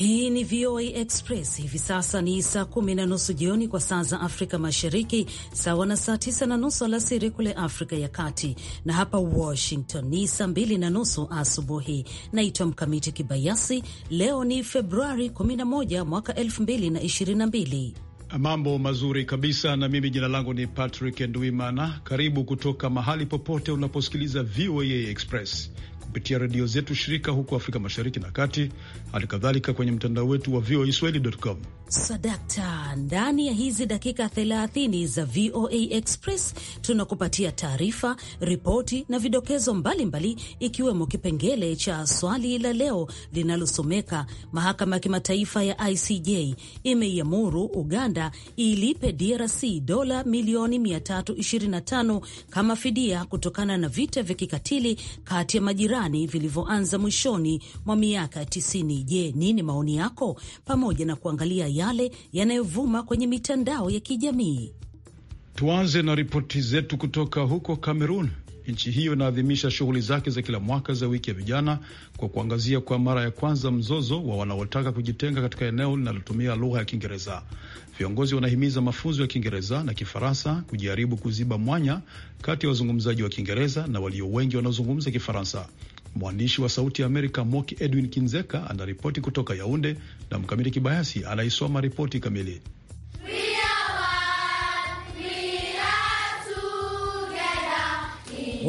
Hii ni VOA Express. Hivi sasa ni saa kumi na nusu jioni kwa saa za Afrika Mashariki, sawa na saa tisa na nusu alasiri kule Afrika ya Kati, na hapa Washington ni saa mbili na nusu asubuhi. Naitwa Mkamiti Kibayasi. Leo ni Februari 11 mwaka 2022. Mambo mazuri kabisa, na mimi jina langu ni Patrick Ndwimana. Karibu kutoka mahali popote unaposikiliza VOA Express kupitia redio zetu shirika huko Afrika Mashariki na Kati hali kadhalika kwenye mtandao wetu wa voaswahili.com. Sadakta, ndani ya hizi dakika 30 za VOA Express tunakupatia taarifa, ripoti na vidokezo mbalimbali, ikiwemo kipengele cha swali la leo linalosomeka mahakama ya kimataifa ya ICJ imeiamuru Uganda ilipe DRC dola milioni 325 kama fidia kutokana na vita vya kikatili kati ya majirani vilivyoanza mwishoni mwa miaka 90. Je, nini maoni yako? Pamoja na kuangalia yale yanayovuma kwenye mitandao ya kijamii. Tuanze na ripoti zetu kutoka huko Kamerun. Nchi hiyo inaadhimisha shughuli zake za kila mwaka za wiki ya vijana kwa kuangazia kwa mara ya kwanza mzozo wa wanaotaka kujitenga katika eneo linalotumia lugha ya Kiingereza. Viongozi wanahimiza mafunzo ya Kiingereza na Kifaransa kujaribu kuziba mwanya kati ya wazungumzaji wa Kiingereza na walio wengi wanaozungumza Kifaransa. Mwandishi wa Sauti ya Amerika Moki Edwin Kinzeka anaripoti kutoka Yaunde na Mkamiti Kibayasi anaisoma ripoti kamili.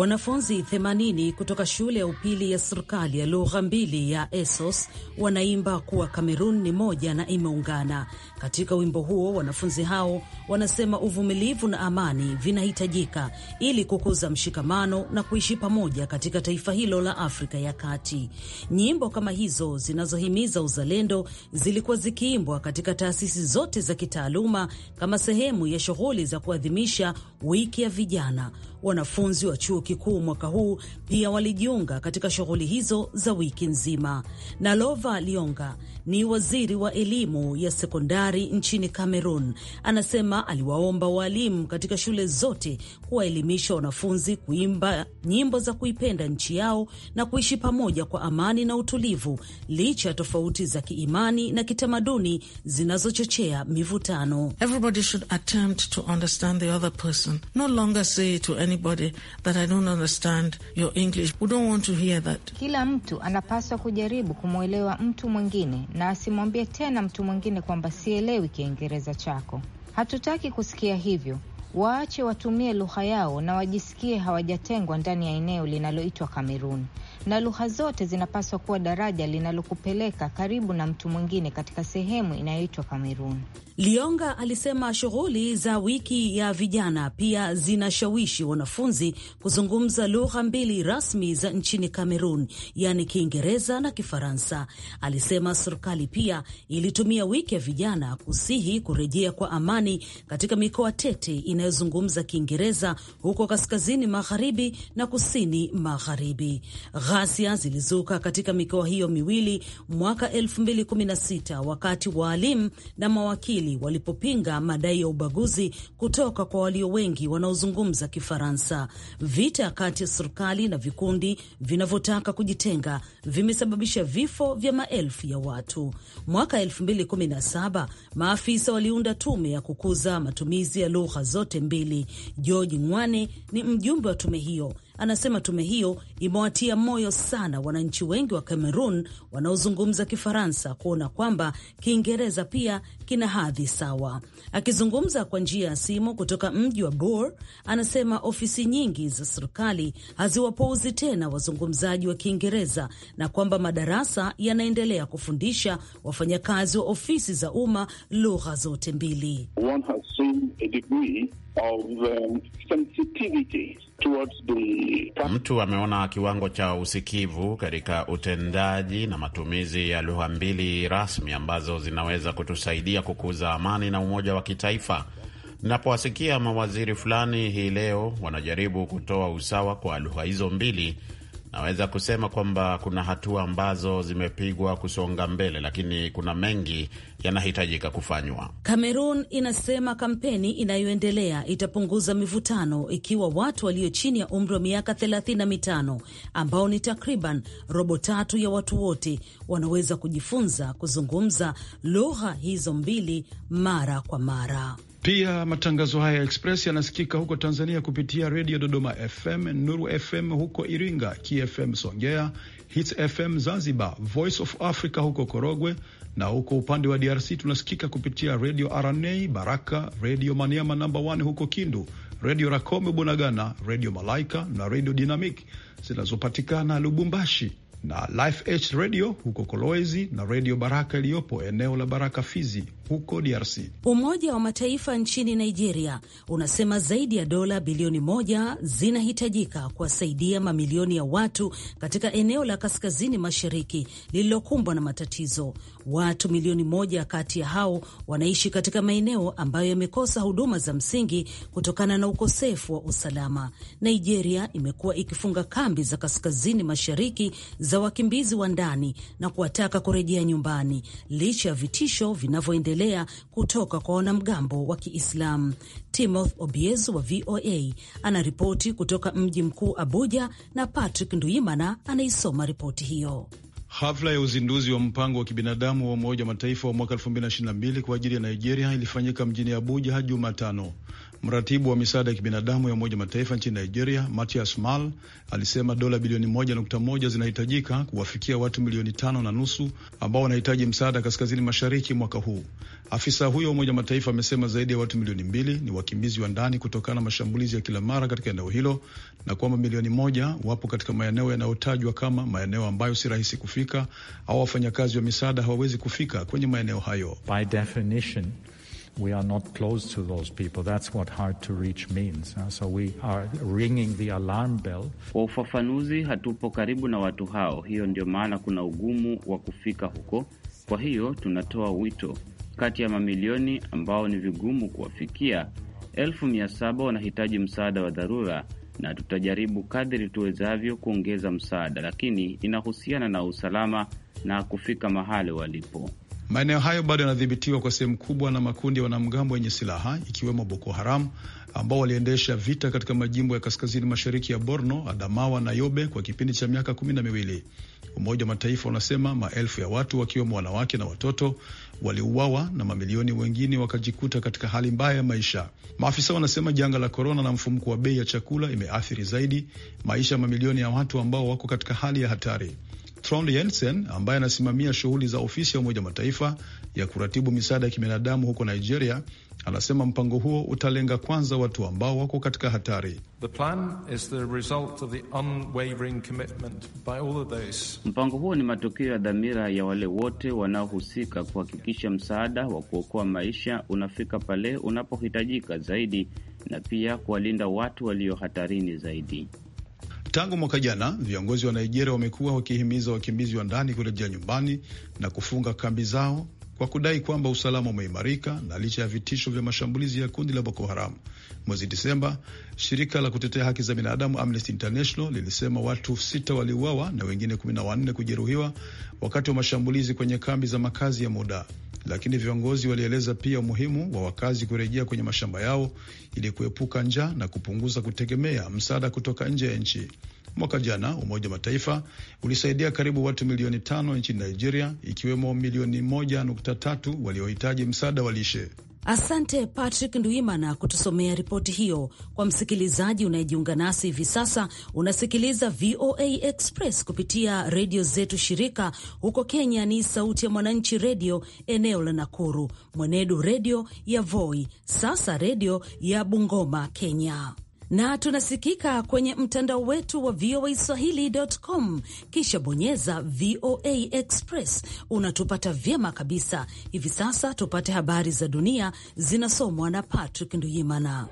Wanafunzi 80 kutoka shule ya upili ya serikali ya lugha mbili ya esos wanaimba kuwa Kamerun ni moja na imeungana. Katika wimbo huo, wanafunzi hao wanasema uvumilivu na amani vinahitajika ili kukuza mshikamano na kuishi pamoja katika taifa hilo la Afrika ya Kati. Nyimbo kama hizo zinazohimiza uzalendo zilikuwa zikiimbwa katika taasisi zote za kitaaluma kama sehemu ya shughuli za kuadhimisha wiki ya vijana. Wanafunzi wa chuo kikuu mwaka huu pia walijiunga katika shughuli hizo za wiki nzima. Na Lova Lionga ni waziri wa elimu ya sekondari nchini Cameroon, anasema aliwaomba waalimu katika shule zote kuwaelimisha wanafunzi kuimba nyimbo za kuipenda nchi yao na kuishi pamoja kwa amani na utulivu licha ya tofauti za kiimani na kitamaduni zinazochochea mivutano. Everybody should attempt to understand the other person. No longer say to anybody that I don't understand your English. We don't want to hear that. Kila mtu anapaswa kujaribu kumwelewa mtu mwingine na asimwambie tena mtu mwingine kwamba sielewi Kiingereza chako. Hatutaki kusikia hivyo waache watumie lugha yao na wajisikie hawajatengwa ndani ya eneo linaloitwa Kamerun, na lugha zote zinapaswa kuwa daraja linalokupeleka karibu na mtu mwingine katika sehemu inayoitwa Kamerun. Lionga alisema shughuli za wiki ya vijana pia zinashawishi wanafunzi kuzungumza lugha mbili rasmi za nchini Kamerun, yaani Kiingereza na Kifaransa. Alisema serikali pia ilitumia wiki ya vijana kusihi kurejea kwa amani katika mikoa tete inayozungumza Kiingereza huko kaskazini magharibi na kusini magharibi. Ghasia zilizuka katika mikoa hiyo miwili mwaka 2016 wakati waalimu na mawakili Mali walipopinga madai ya ubaguzi kutoka kwa walio wengi wanaozungumza Kifaransa. Vita kati ya serikali na vikundi vinavyotaka kujitenga vimesababisha vifo vya maelfu ya watu. Mwaka 2017 maafisa waliunda tume ya kukuza matumizi ya lugha zote mbili. George Ngwane ni mjumbe wa tume hiyo anasema tume hiyo imewatia moyo sana wananchi wengi wa Cameroon wanaozungumza Kifaransa kuona kwamba Kiingereza pia kina hadhi sawa. Akizungumza kwa njia ya simu kutoka mji wa Bor, anasema ofisi nyingi za serikali haziwapouzi tena wazungumzaji wa Kiingereza na kwamba madarasa yanaendelea kufundisha wafanyakazi wa ofisi za umma lugha zote mbili. One has seen a degree of, um, sensitivity the... mtu ameona kiwango cha usikivu katika utendaji na matumizi ya lugha mbili rasmi ambazo zinaweza kutusaidia kukuza amani na umoja wa kitaifa. Napowasikia mawaziri fulani hii leo wanajaribu kutoa usawa kwa lugha hizo mbili naweza kusema kwamba kuna hatua ambazo zimepigwa kusonga mbele, lakini kuna mengi yanahitajika kufanywa. cameron inasema kampeni inayoendelea itapunguza mivutano ikiwa watu walio chini ya umri wa miaka thelathini na mitano ambao ni takriban robo tatu ya watu wote wanaweza kujifunza kuzungumza lugha hizo mbili mara kwa mara. Pia matangazo haya ya Express yanasikika huko Tanzania kupitia redio Dodoma FM, Nuru FM huko Iringa, KFM Songea, Hits FM Zanzibar, Voice of Africa huko Korogwe, na huko upande wa DRC tunasikika kupitia redio RNA, Baraka Redio Maniama namba 1 huko Kindu, redio Rakome Bunagana, redio Malaika na redio Dynamic zinazopatikana Lubumbashi na Life H Radio huko Kolwezi na Redio Baraka iliyopo eneo la Baraka Fizi huko DRC. Umoja wa Mataifa nchini Nigeria unasema zaidi ya dola bilioni moja zinahitajika kuwasaidia mamilioni ya watu katika eneo la kaskazini mashariki lililokumbwa na matatizo. Watu milioni moja kati ya hao wanaishi katika maeneo ambayo yamekosa huduma za msingi kutokana na ukosefu wa usalama. Nigeria imekuwa ikifunga kambi za kaskazini mashariki za wakimbizi wa ndani na kuwataka kurejea nyumbani licha ya vitisho vinavyoendelea kutoka kwa wanamgambo wa Kiislamu. Timothy Obiezu wa VOA anaripoti kutoka mji mkuu Abuja na Patrick Nduimana anaisoma ripoti hiyo. Hafla ya uzinduzi wa mpango wa kibinadamu wa Umoja wa Mataifa wa mwaka 2022 kwa ajili ya Nigeria ilifanyika mjini Abuja Jumatano. Mratibu wa misaada ya kibinadamu ya Umoja Mataifa nchini Nigeria, Matias Mal, alisema dola bilioni moja nukta moja zinahitajika kuwafikia watu milioni tano na nusu ambao wanahitaji msaada kaskazini mashariki mwaka huu. Afisa huyo wa Umoja Mataifa amesema zaidi ya watu milioni mbili ni wakimbizi wa ndani kutokana na mashambulizi ya kila mara katika eneo hilo na kwamba milioni moja wapo katika maeneo yanayotajwa kama maeneo ambayo si rahisi kufika au wafanyakazi wa misaada hawawezi kufika kwenye maeneo hayo By definition we are not close to those people. That's what hard to reach means. Uh, so we are ringing the alarm bell. Kwa ufafanuzi, hatupo karibu na watu hao, hiyo ndio maana kuna ugumu wa kufika huko. Kwa hiyo tunatoa wito, kati ya mamilioni ambao ni vigumu kuwafikia, elfu mia saba wanahitaji msaada wa dharura na tutajaribu kadri tuwezavyo kuongeza msaada, lakini inahusiana na usalama na kufika mahali walipo. Maeneo hayo bado yanadhibitiwa kwa sehemu kubwa na makundi ya wanamgambo wenye silaha ikiwemo Boko Haram ambao waliendesha vita katika majimbo ya kaskazini mashariki ya Borno, Adamawa na Yobe kwa kipindi cha miaka kumi na miwili. Umoja wa Mataifa unasema maelfu ya watu wakiwemo wanawake na watoto waliuawa na mamilioni wengine wakajikuta katika hali mbaya ya maisha. Maafisa wanasema janga la korona na mfumuko wa bei ya chakula imeathiri zaidi maisha ya mamilioni ya watu ambao wako katika hali ya hatari. Trond Jensen ambaye anasimamia shughuli za ofisi ya Umoja Mataifa ya kuratibu misaada ya kibinadamu huko Nigeria anasema mpango huo utalenga kwanza watu ambao wako katika hatari. Mpango huo ni matokeo ya dhamira ya wale wote wanaohusika kuhakikisha msaada wa kuokoa maisha unafika pale unapohitajika zaidi na pia kuwalinda watu walio hatarini zaidi. Tangu mwaka jana viongozi wa Nigeria wamekuwa wakihimiza wakimbizi wa ndani kurejea nyumbani na kufunga kambi zao kwa kudai kwamba usalama umeimarika na licha ya vitisho vya mashambulizi ya kundi la Boko Haram. Mwezi Disemba, shirika la kutetea haki za binadamu Amnesty International lilisema watu sita waliuawa na wengine 14 kujeruhiwa wakati wa mashambulizi kwenye kambi za makazi ya muda lakini viongozi walieleza pia umuhimu wa wakazi kurejea kwenye mashamba yao ili kuepuka njaa na kupunguza kutegemea msaada kutoka nje ya nchi. Mwaka jana Umoja wa Mataifa ulisaidia karibu watu milioni tano nchini Nigeria, ikiwemo milioni moja nukta tatu waliohitaji msaada wa lishe. Asante Patrick nduimana kutusomea ripoti hiyo. Kwa msikilizaji unayejiunga nasi hivi sasa, unasikiliza VOA Express kupitia redio zetu shirika. Huko Kenya ni Sauti ya Mwananchi redio eneo la Nakuru, Mwenedu redio ya Voi, Sasa redio ya Bungoma, Kenya na tunasikika kwenye mtandao wetu wa VOA Swahili.com, kisha bonyeza VOA Express. Unatupata vyema kabisa hivi sasa. Tupate habari za dunia zinasomwa na Patrick Nduyimana.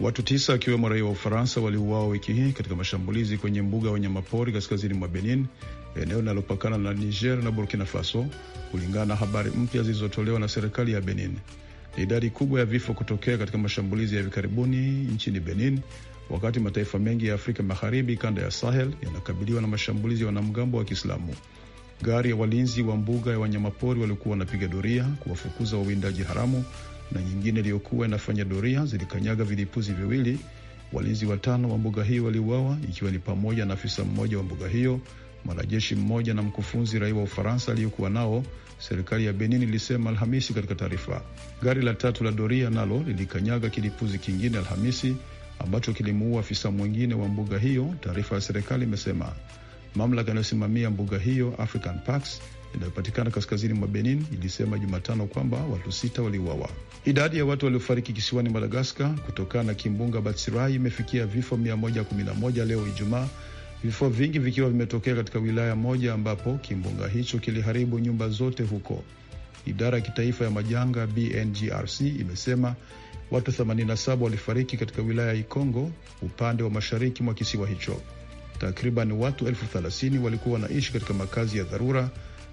Watu tisa akiwemo raia wa Ufaransa waliuawa wiki hii katika mashambulizi kwenye mbuga ya wanyamapori kaskazini mwa Benin eneo linalopakana na Niger na Burkina Faso, kulingana na habari mpya zilizotolewa na serikali ya Benin. Ni idadi kubwa ya vifo kutokea katika mashambulizi ya hivi karibuni nchini Benin, wakati mataifa mengi ya Afrika Magharibi, kanda ya Sahel, yanakabiliwa na mashambulizi ya wanamgambo wa Kiislamu. Gari ya walinzi wa mbuga ya wanyamapori waliokuwa wanapiga doria kuwafukuza wawindaji haramu na nyingine iliyokuwa inafanya doria zilikanyaga vilipuzi viwili. Walinzi watano wa mbuga hiyo waliuawa, ikiwa ni pamoja na afisa mmoja wa mbuga hiyo mwanajeshi mmoja na mkufunzi raia wa Ufaransa aliyekuwa nao, serikali ya Benin ilisema Alhamisi katika taarifa. Gari la tatu la doria nalo lilikanyaga kilipuzi kingine Alhamisi ambacho kilimuua afisa mwingine wa mbuga hiyo, taarifa ya serikali imesema. Mamlaka inayosimamia mbuga hiyo African Parks inayopatikana kaskazini mwa Benin ilisema Jumatano kwamba watu sita waliuawa. Idadi ya watu waliofariki kisiwani Madagaskar kutokana na kimbunga Batsirai imefikia vifo 111 leo Ijumaa, vifo vingi vikiwa vimetokea katika wilaya moja ambapo kimbunga hicho kiliharibu nyumba zote huko. Idara ya kitaifa ya majanga BNGRC imesema watu 87 walifariki katika wilaya ya Ikongo upande wa mashariki mwa kisiwa hicho. Takriban watu elfu walikuwa wanaishi katika makazi ya dharura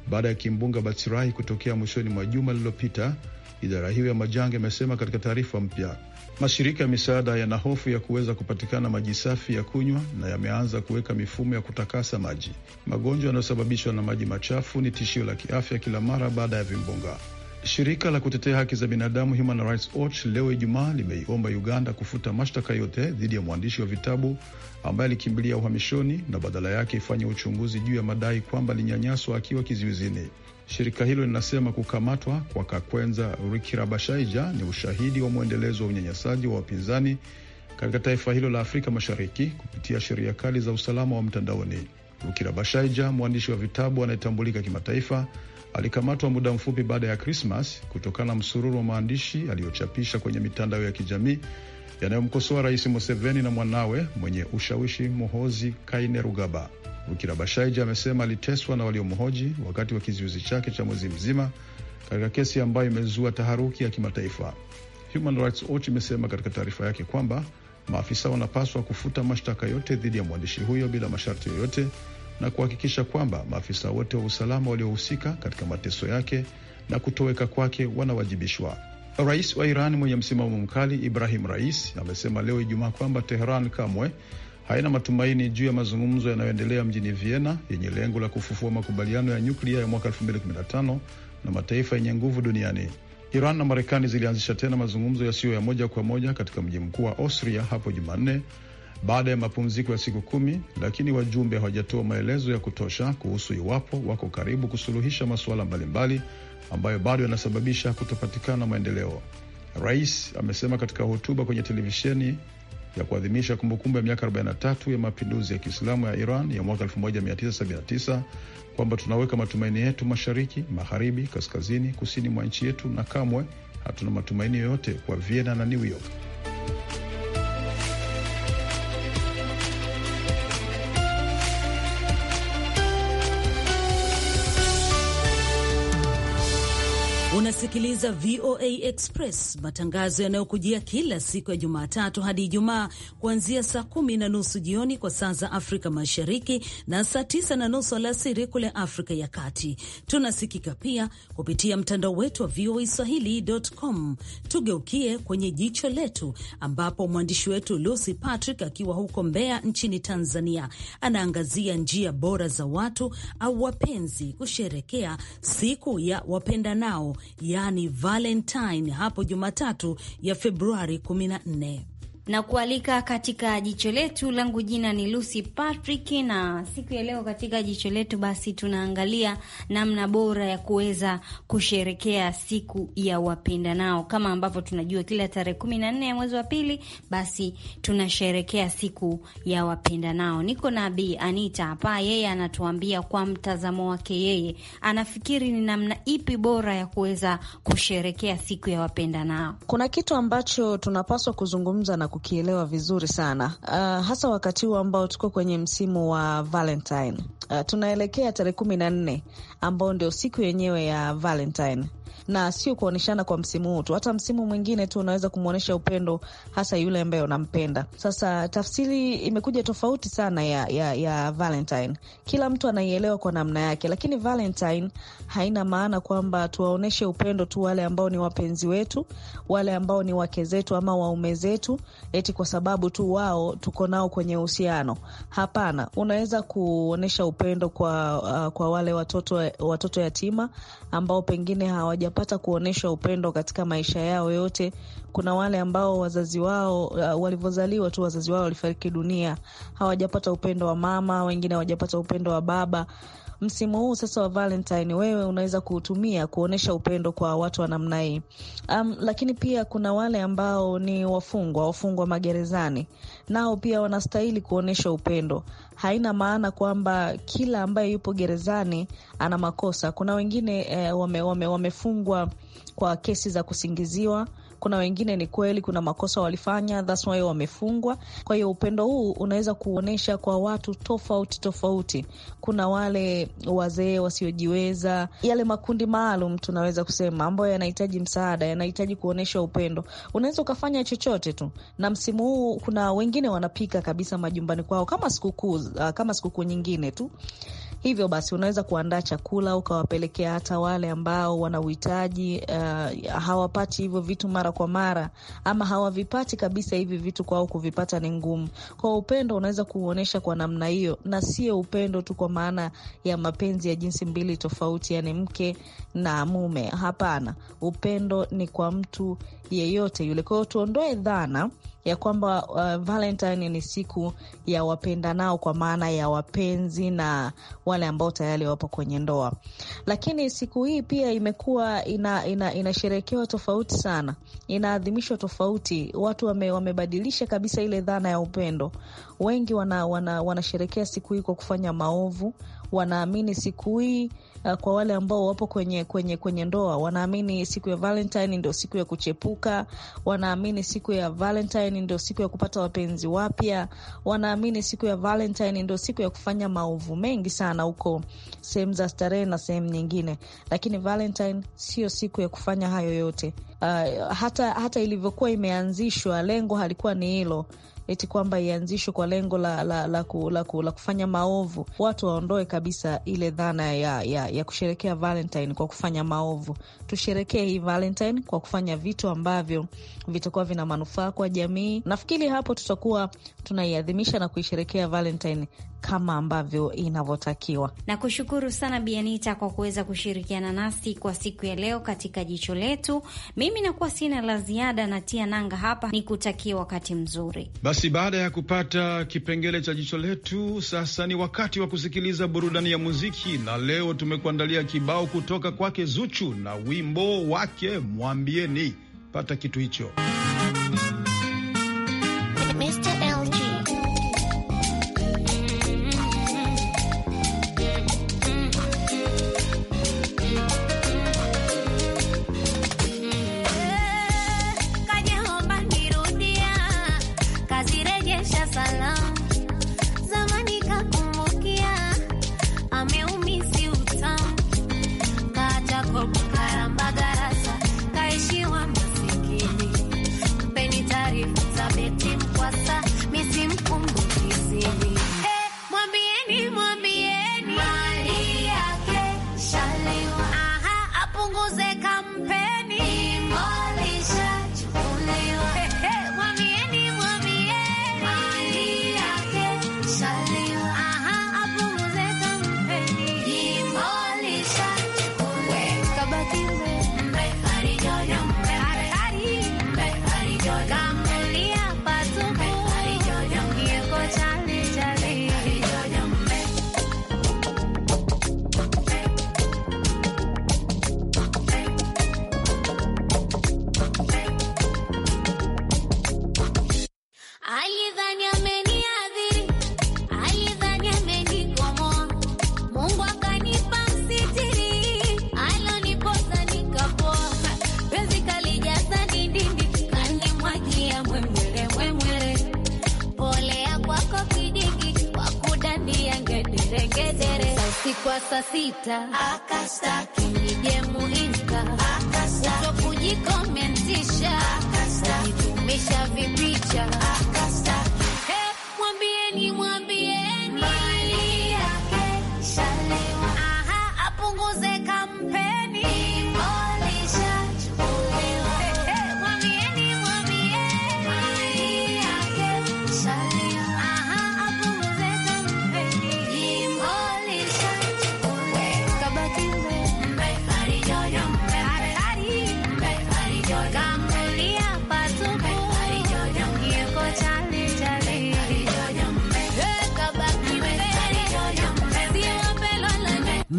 baada ya kimbunga Batsirai kutokea mwishoni mwa juma lililopita, idara hiyo ya majanga imesema katika taarifa mpya. Mashirika ya misaada yana hofu ya kuweza kupatikana maji safi ya kunywa na yameanza kuweka mifumo ya kutakasa maji. Magonjwa yanayosababishwa na maji machafu ni tishio la kiafya kila mara baada ya vimbunga. Shirika la kutetea haki za binadamu Human Rights Watch leo Ijumaa limeiomba Uganda kufuta mashtaka yote dhidi ya mwandishi wa vitabu ambaye alikimbilia uhamishoni na badala yake ifanye uchunguzi juu ya madai kwamba alinyanyaswa akiwa kizuizini. Shirika hilo linasema kukamatwa kwa Kakwenza Rukirabashaija ni ushahidi wa mwendelezo wa unyanyasaji wa wapinzani katika taifa hilo la Afrika Mashariki kupitia sheria kali za usalama wa mtandaoni. Rukirabashaija, mwandishi wa vitabu anayetambulika kimataifa, alikamatwa muda mfupi baada ya Krismas kutokana na msururu wa maandishi aliyochapisha kwenye mitandao ya kijamii yanayomkosoa Rais Museveni na mwanawe mwenye ushawishi Muhozi Kainerugaba. Bukira Bashaija amesema aliteswa na waliomhoji wakati wa kizuizi chake cha mwezi mzima katika kesi ambayo imezua taharuki ya kimataifa. Human Rights Watch imesema katika taarifa yake kwamba maafisa wanapaswa kufuta mashtaka yote dhidi ya mwandishi huyo bila masharti yoyote na kuhakikisha kwamba maafisa wote wa usalama waliohusika katika mateso yake na kutoweka kwake wanawajibishwa. Rais wa Iran mwenye msimamo mkali Ibrahim Rais amesema leo Ijumaa kwamba Teheran kamwe haina matumaini juu ya mazungumzo yanayoendelea mjini Vienna yenye lengo la kufufua makubaliano ya nyuklia ya mwaka 2015 na mataifa yenye nguvu duniani. Iran na Marekani zilianzisha tena mazungumzo yasiyo ya moja kwa moja katika mji mkuu wa Austria hapo Jumanne baada ya mapumziko ya siku kumi, lakini wajumbe hawajatoa maelezo ya kutosha kuhusu iwapo wako karibu kusuluhisha masuala mbalimbali ambayo bado yanasababisha kutopatikana maendeleo. Rais amesema katika hotuba kwenye televisheni ya kuadhimisha kumbukumbu ya miaka 43 ya mapinduzi ya Kiislamu ya Iran ya mwaka 1979 kwamba tunaweka matumaini yetu mashariki, magharibi, kaskazini, kusini mwa nchi yetu na kamwe hatuna matumaini yoyote kwa Vienna na New York. Unasikiliza VOA Express, matangazo yanayokujia kila siku ya Jumatatu hadi Ijumaa kuanzia saa kumi na nusu jioni kwa saa za Afrika Mashariki na saa tisa na nusu alasiri kule Afrika ya Kati. Tunasikika pia kupitia mtandao wetu wa VOA Swahili.com. Tugeukie kwenye jicho letu, ambapo mwandishi wetu Lucy Patrick akiwa huko Mbeya nchini Tanzania anaangazia njia bora za watu au wapenzi kusherekea siku ya wapendanao yaani Valentine hapo Jumatatu ya Februari 14 na kualika katika jicho letu. Langu jina ni Lucy Patrick, na siku ya leo katika jicho letu basi tunaangalia namna bora ya kuweza kusherekea siku ya wapendanao. Kama ambavyo tunajua kila tarehe kumi na nne ya mwezi wa pili, basi tunasherekea siku ya nao. Niko na Bi Anita hapa, yeye anatuambia kwa mtazamo wake yeye anafikiri ni namna ipi bora ya kuweza kusherekea siku ya wapendanao. Kuna kitu ambacho tunapaswa kuzungumza na kukielewa vizuri sana uh, hasa wakati huu ambao tuko kwenye msimu wa Valentine. Uh, tunaelekea tarehe kumi na nne ambao ndio siku yenyewe ya Valentine na sio kuonyeshana kwa msimu huu tu, hata msimu mwingine tu unaweza kumwonyesha upendo, hasa yule ambaye unampenda. Sasa tafsiri imekuja tofauti sana ya, ya, ya Valentine. Kila mtu anaielewa kwa namna yake, lakini Valentine haina maana kwamba tuwaonyeshe upendo tu wale ambao ni wapenzi wetu, wale ambao ni wake zetu ama waume zetu, eti kwa sababu tu wao tuko nao kwenye uhusiano. Hapana, unaweza kuonyesha upendo kwa, uh, kwa wale watoto, watoto yatima ambao pengine hawaja hawajapata kuonyesha upendo katika maisha yao yote. Kuna wale ambao wazazi wao uh, walivyozaliwa tu wazazi wao walifariki dunia, hawajapata upendo wa mama, wengine hawajapata upendo wa baba msimu huu sasa wa Valentine wewe unaweza kuutumia kuonyesha upendo kwa watu wa namna hii. Um, lakini pia kuna wale ambao ni wafungwa, wafungwa magerezani, nao pia wanastahili kuonyesha upendo. Haina maana kwamba kila ambaye yupo gerezani ana makosa. Kuna wengine eh, wame, wame, wamefungwa kwa kesi za kusingiziwa kuna wengine ni kweli, kuna makosa walifanya, that's why wamefungwa. Kwa hiyo upendo huu unaweza kuonyesha kwa watu tofauti tofauti. Kuna wale wazee wasiojiweza, yale makundi maalum tunaweza kusema, ambayo yanahitaji msaada, yanahitaji kuonyesha upendo. Unaweza ukafanya chochote tu, na msimu huu kuna wengine wanapika kabisa majumbani kwao kama sikukuu, ah, kama sikukuu nyingine tu Hivyo basi unaweza kuandaa chakula ukawapelekea hata wale ambao wana uhitaji uh, eh, hawapati hivyo vitu mara kwa mara, ama hawavipati kabisa hivi vitu, kwao kuvipata ni ngumu. Kwa upendo unaweza kuuonyesha kwa namna hiyo, na sio upendo tu kwa maana ya mapenzi ya jinsi mbili tofauti, yani mke na mume. Hapana, upendo ni kwa mtu yeyote yule. Kwa hiyo tuondoe dhana ya kwamba uh, Valentine ni siku ya wapenda nao kwa maana ya wapenzi na wale ambao tayari wapo kwenye ndoa. Lakini siku hii pia imekuwa inasherekewa ina, ina tofauti sana, inaadhimishwa tofauti. Watu wame, wamebadilisha kabisa ile dhana ya upendo. Wengi wanasherekea wana, wana siku hii kwa kufanya maovu wanaamini siku hii uh, kwa wale ambao wapo kwenye kwenye kwenye ndoa wanaamini siku ya Valentine ndio siku ya kuchepuka, wanaamini siku ya Valentine ndio siku ya kupata wapenzi wapya, wanaamini siku ya Valentine ndio siku ya kufanya maovu mengi sana huko sehemu za starehe na sehemu nyingine, lakini Valentine sio siku ya kufanya hayo yote. Uh, hata hata ilivyokuwa imeanzishwa lengo halikuwa ni hilo eti kwamba ianzishwe kwa lengo la, la, la, ku, la, ku, la kufanya maovu. Watu waondoe kabisa ile dhana ya, ya, ya kusherekea Valentine kwa kufanya maovu. Tusherekee hii Valentine kwa kufanya vitu ambavyo vitakuwa vina manufaa kwa jamii. Nafikiri hapo tutakuwa tunaiadhimisha na kuisherekea Valentine kama ambavyo inavyotakiwa. Na kushukuru sana bianita kwa kuweza kushirikiana nasi kwa siku ya leo katika jicho letu. Mimi nakuwa sina la ziada, na tia nanga hapa, ni kutakia wakati mzuri. Basi baada ya kupata kipengele cha jicho letu, sasa ni wakati wa kusikiliza burudani ya muziki, na leo tumekuandalia kibao kutoka kwake Zuchu na wimbo wake Mwambieni. Pata kitu hicho. I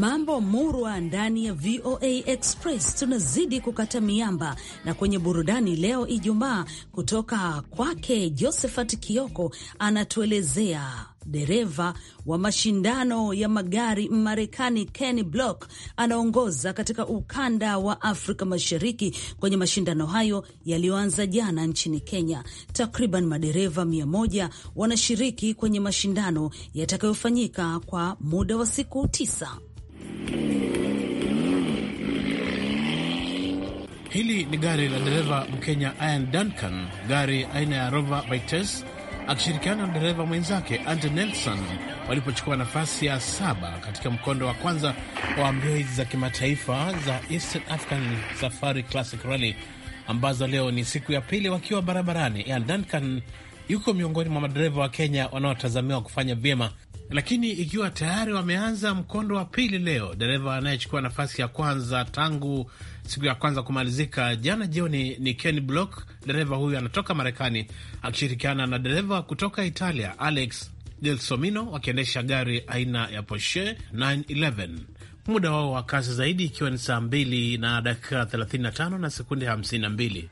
Mambo murwa ndani ya VOA Express, tunazidi kukata miamba na kwenye burudani leo Ijumaa, kutoka kwake Josephat Kioko anatuelezea dereva wa mashindano ya magari Marekani Ken Block anaongoza katika ukanda wa Afrika Mashariki kwenye mashindano hayo yaliyoanza jana nchini Kenya. Takriban madereva mia moja wanashiriki kwenye mashindano yatakayofanyika kwa muda wa siku tisa. Hili ni gari la dereva Mkenya Ian Duncan, gari aina ya Rover Vitesse, akishirikiana na dereva mwenzake Ante Nelson walipochukua nafasi ya saba katika mkondo wa kwanza wa mbio hizi za kimataifa za Eastern African Safari Classic Rally ambazo leo ni siku ya pili wakiwa barabarani. Ian Duncan yuko miongoni mwa madereva wa Kenya wanaotazamiwa kufanya vyema lakini ikiwa tayari wameanza mkondo wa pili leo, dereva anayechukua nafasi ya kwanza tangu siku ya kwanza kumalizika jana jioni ni Ken Block. Dereva huyu anatoka Marekani akishirikiana na dereva kutoka Italia Alex Gelsomino, wakiendesha gari aina ya Porsche 911 muda wao wa kasi zaidi ikiwa ni saa 2 na dakika 35 na sekunde 52.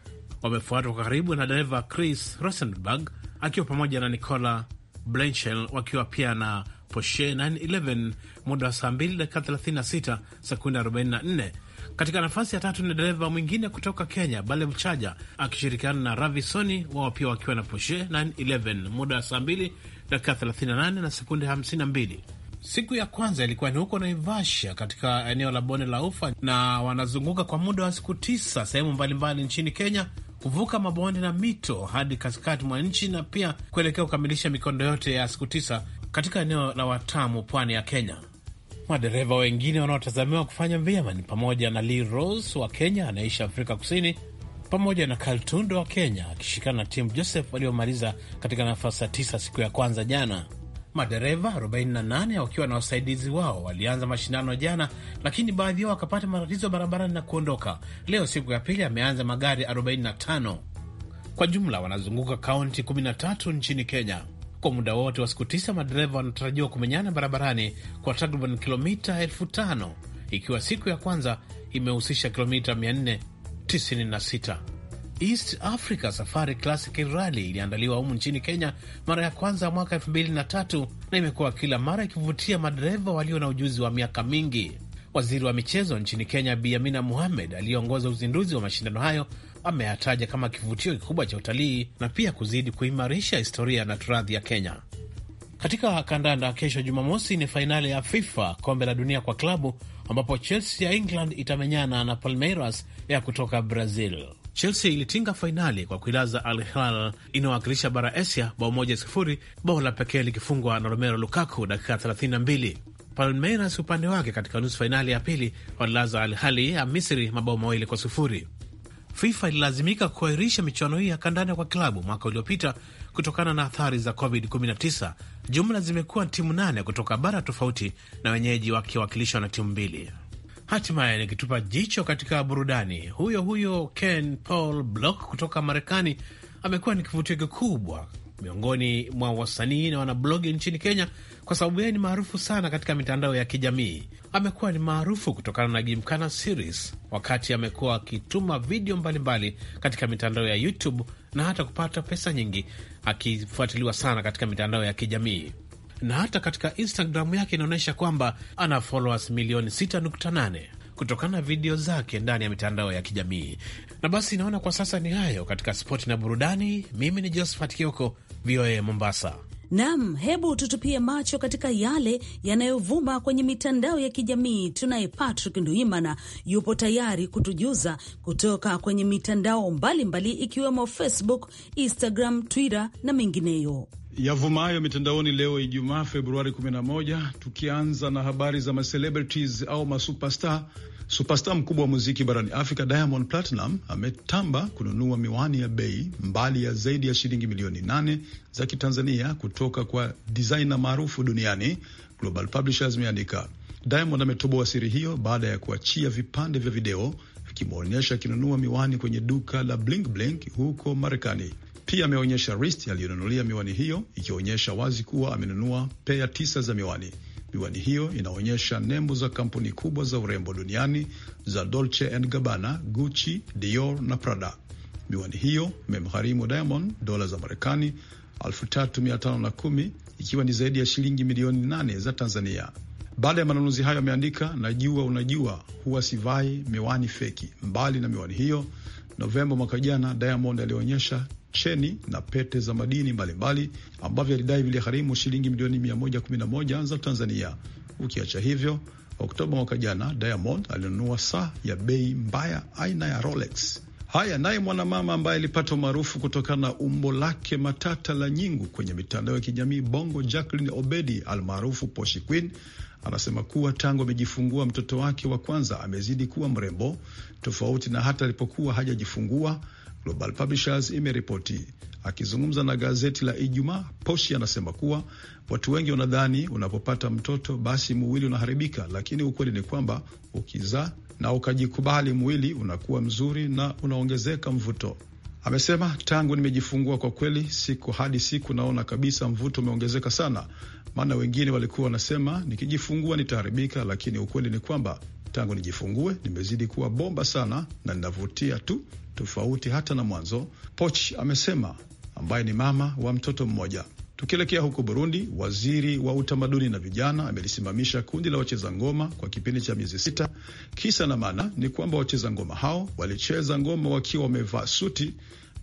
Wamefuatwa kwa karibu na dereva Chris Rosenberg akiwa pamoja na Nicola Blanchel wakiwa pia na Porsche 911 muda wa saa 2 dakika 36 sekunde 44. Katika nafasi ya tatu ni dereva mwingine kutoka Kenya, Bale Mchaja akishirikiana na Ravi Soni, wao pia wakiwa na Porsche 911 muda wa saa 2 dakika 38 na sekunde 52. Siku ya kwanza ilikuwa ni huko Naivasha katika eneo la bonde la Ufa, na wanazunguka kwa muda wa siku tisa sehemu mbalimbali nchini Kenya kuvuka mabonde na mito hadi katikati mwa nchi na pia kuelekea kukamilisha mikondo yote ya siku tisa katika eneo la Watamu, pwani ya Kenya. Madereva wengine wanaotazamiwa kufanya vyema ni pamoja na Lee Rose wa Kenya anaishi Afrika Kusini, pamoja na Kaltundo wa Kenya akishikana na Tim Joseph waliomaliza katika nafasi ya tisa siku ya kwanza jana. Madereva 48 wakiwa na wasaidizi wao walianza mashindano jana, lakini baadhi yao wakapata matatizo barabarani na kuondoka. Leo siku ya pili ameanza magari 45. Kwa jumla wanazunguka kaunti 13 nchini Kenya. Kwa muda wote wa siku tisa, madereva wanatarajiwa kumenyana barabarani kwa takriban kilomita elfu tano ikiwa siku ya kwanza imehusisha kilomita 496. East Africa Safari Classic Rally iliandaliwa humu nchini Kenya mara ya kwanza mwaka elfu mbili na tatu na imekuwa kila mara ikivutia madereva walio na ujuzi wa miaka mingi. Waziri wa michezo nchini Kenya Bi Amina Mohamed aliyeongoza uzinduzi wa mashindano hayo ameyataja kama kivutio kikubwa cha utalii na pia kuzidi kuimarisha historia na turathi ya Kenya. Katika kandanda, kesho Jumamosi ni fainali ya FIFA kombe la dunia kwa klabu ambapo Chelsea ya England itamenyana na Palmeiras ya kutoka Brazil. Chelsea ilitinga fainali kwa kuilaza Al Hilal inayowakilisha bara Asia bao moja sifuri, bao la pekee likifungwa na Romero Lukaku dakika 32. Palmeiras upande wake katika nusu fainali ya pili walilaza Al Hali ya Misri mabao mawili kwa sifuri. FIFA ililazimika kuahirisha michuano hii ya kandanda kwa klabu mwaka uliopita kutokana na athari za COVID-19. Jumla zimekuwa timu nane kutoka bara tofauti na wenyeji wakiwakilishwa na timu mbili. Hatimaye nikitupa jicho katika burudani, huyo huyo Ken Paul Block kutoka Marekani amekuwa ni kivutio kikubwa miongoni mwa wasanii na wanablogi nchini Kenya kwa sababu yeye ni maarufu sana katika mitandao ya kijamii. Amekuwa ni maarufu kutokana na jimkana series, wakati amekuwa akituma video mbalimbali mbali katika mitandao ya YouTube na hata kupata pesa nyingi, akifuatiliwa sana katika mitandao ya kijamii na hata katika Instagramu yake inaonyesha kwamba ana followers milioni 6.8 kutokana na video zake ndani ya mitandao ya kijamii. Na basi naona kwa sasa ni hayo katika spoti na burudani. Mimi ni Josephat Kioko, VOA Mombasa. Nam, hebu tutupie macho katika yale yanayovuma kwenye mitandao ya kijamii. Tunaye Patrick Nduimana, yupo tayari kutujuza kutoka kwenye mitandao mbalimbali mbali, ikiwemo Facebook, Instagram, Twitter na mengineyo yavumayo mitandaoni leo Ijumaa, Februari 11, tukianza na habari za macelebrities au masuperstar. Superstar mkubwa wa muziki barani Afrika Diamond Platinum ametamba kununua miwani ya bei mbali ya zaidi ya shilingi milioni nane za kitanzania kutoka kwa disaina maarufu duniani, Global Publishers imeandika. Diamond ametoboa siri hiyo baada ya kuachia vipande vya video vikimwonyesha akinunua miwani kwenye duka la Blink Blink huko Marekani. Pia ameonyesha rist aliyonunulia miwani hiyo ikionyesha wazi kuwa amenunua pea tisa za miwani. Miwani hiyo inaonyesha nembo za kampuni kubwa za urembo duniani za Dolce and Gabbana, Gucci, Dior na Prada. Miwani hiyo imemgharimu Diamond dola za Marekani 3510 ikiwa ni zaidi ya shilingi milioni 8 za Tanzania. Baada ya manunuzi hayo, ameandika najua, unajua huwa sivai miwani feki. Mbali na miwani hiyo, Novemba mwaka jana Diamond alionyesha cheni na pete za madini mbalimbali ambavyo alidai viligharimu shilingi milioni 111 za Tanzania. Ukiacha hivyo, Oktoba mwaka jana Diamond alinunua saa ya bei mbaya aina ya Rolex. Haya, naye mwanamama ambaye alipata umaarufu kutokana na umbo lake matata la nyingu kwenye mitandao ya kijamii Bongo, Jacqueline Obedi almaarufu Poshi Queen anasema kuwa tangu amejifungua mtoto wake wa kwanza amezidi kuwa mrembo, tofauti na hata alipokuwa hajajifungua, Global Publishers imeripoti. Akizungumza na gazeti la Ijumaa, Poshi anasema kuwa watu wengi wanadhani unapopata mtoto basi mwili unaharibika, lakini ukweli ni kwamba ukizaa na ukajikubali, mwili unakuwa mzuri na unaongezeka mvuto. Amesema, tangu nimejifungua kwa kweli, siku hadi siku naona kabisa mvuto umeongezeka sana, maana wengine walikuwa wanasema nikijifungua nitaharibika, lakini ukweli ni kwamba Tangu nijifungue nimezidi kuwa bomba sana na ninavutia tu, tofauti hata na mwanzo, Poch amesema, ambaye ni mama wa mtoto mmoja. Tukielekea huko Burundi, waziri wa utamaduni na vijana amelisimamisha kundi la wacheza ngoma kwa kipindi cha miezi sita. Kisa na maana ni kwamba wacheza ngoma hao walicheza ngoma wakiwa wamevaa suti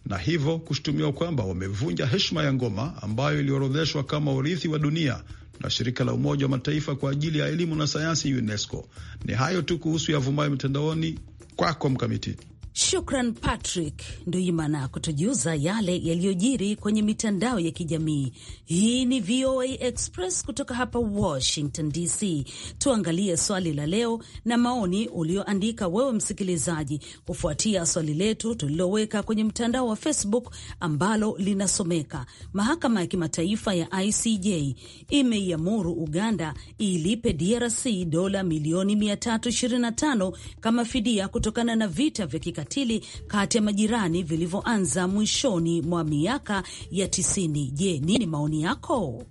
na hivyo kushutumiwa kwamba wamevunja heshima ya ngoma ambayo iliorodheshwa kama urithi wa dunia na shirika la Umoja wa Mataifa kwa ajili ya elimu na sayansi UNESCO. Ni hayo tu kuhusu yavumayo mitandaoni. Kwako Mkamiti. Shukran Patrick Nduimana kutujuza yale yaliyojiri kwenye mitandao ya kijamii. Hii ni VOA Express kutoka hapa Washington DC. Tuangalie swali la leo na maoni ulioandika wewe msikilizaji, kufuatia swali letu tuliloweka kwenye mtandao wa Facebook ambalo linasomeka: mahakama ya kimataifa ya ICJ imeiamuru Uganda ilipe DRC dola milioni 325 kama fidia kutokana na vita vya ukatili kati ya majirani vilivyoanza mwishoni mwa miaka ya tisini. Je, nini maoni yako?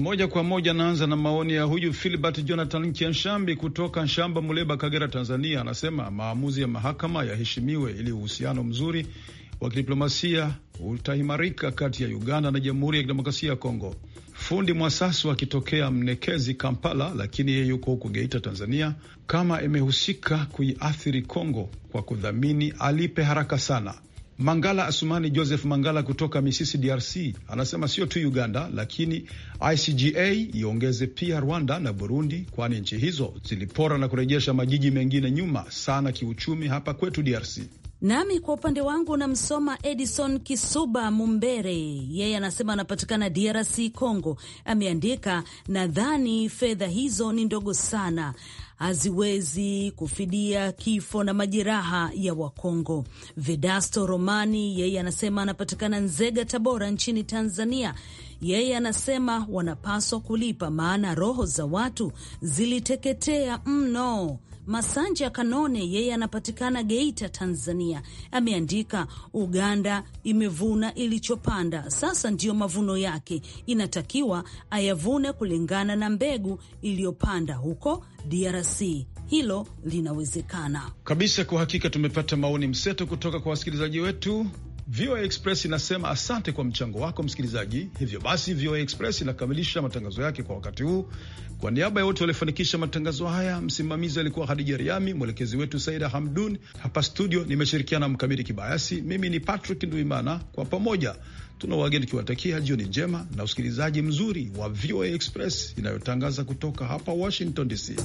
Moja kwa moja naanza na maoni ya huyu Filbert Jonathan Chenshambi kutoka Shamba, Muleba, Kagera, Tanzania. Anasema maamuzi ya mahakama yaheshimiwe ili uhusiano mzuri wa kidiplomasia utaimarika kati ya Uganda na Jamhuri ya Kidemokrasia ya Kongo. Fundi Mwasasu akitokea Mnekezi, Kampala, lakini yeye yuko huko Geita, Tanzania, kama imehusika kuiathiri Kongo kwa kudhamini alipe haraka sana. Mangala Asumani Joseph Mangala kutoka Misisi, DRC, anasema sio tu Uganda, lakini ICGA iongeze pia Rwanda na Burundi, kwani nchi hizo zilipora na kurejesha majiji mengine nyuma sana kiuchumi hapa kwetu DRC. Nami kwa upande wangu namsoma Edison Kisuba Mumbere, yeye anasema anapatikana DRC Congo. Ameandika, nadhani fedha hizo ni ndogo sana haziwezi kufidia kifo na majeraha ya Wakongo. Vedasto Romani yeye anasema anapatikana Nzega, Tabora, nchini Tanzania. Yeye anasema wanapaswa kulipa, maana roho za watu ziliteketea mno. Masanja Kanone, yeye anapatikana Geita, Tanzania, ameandika Uganda imevuna ilichopanda, sasa ndiyo mavuno yake, inatakiwa ayavune kulingana na mbegu iliyopanda huko DRC. Hilo linawezekana kabisa. Kwa hakika tumepata maoni mseto kutoka kwa wasikilizaji wetu VOA Express inasema asante kwa mchango wako msikilizaji. Hivyo basi, VOA Express inakamilisha matangazo yake kwa wakati huu. Kwa niaba ya wote waliofanikisha matangazo haya, msimamizi alikuwa Hadija Riami, mwelekezi wetu Saida Hamdun. Hapa studio nimeshirikiana na Mkamili Kibayasi. Mimi ni Patrick Nduimana, kwa pamoja tuna wageni tukiwatakia jioni njema na usikilizaji mzuri wa VOA Express inayotangaza kutoka hapa Washington DC.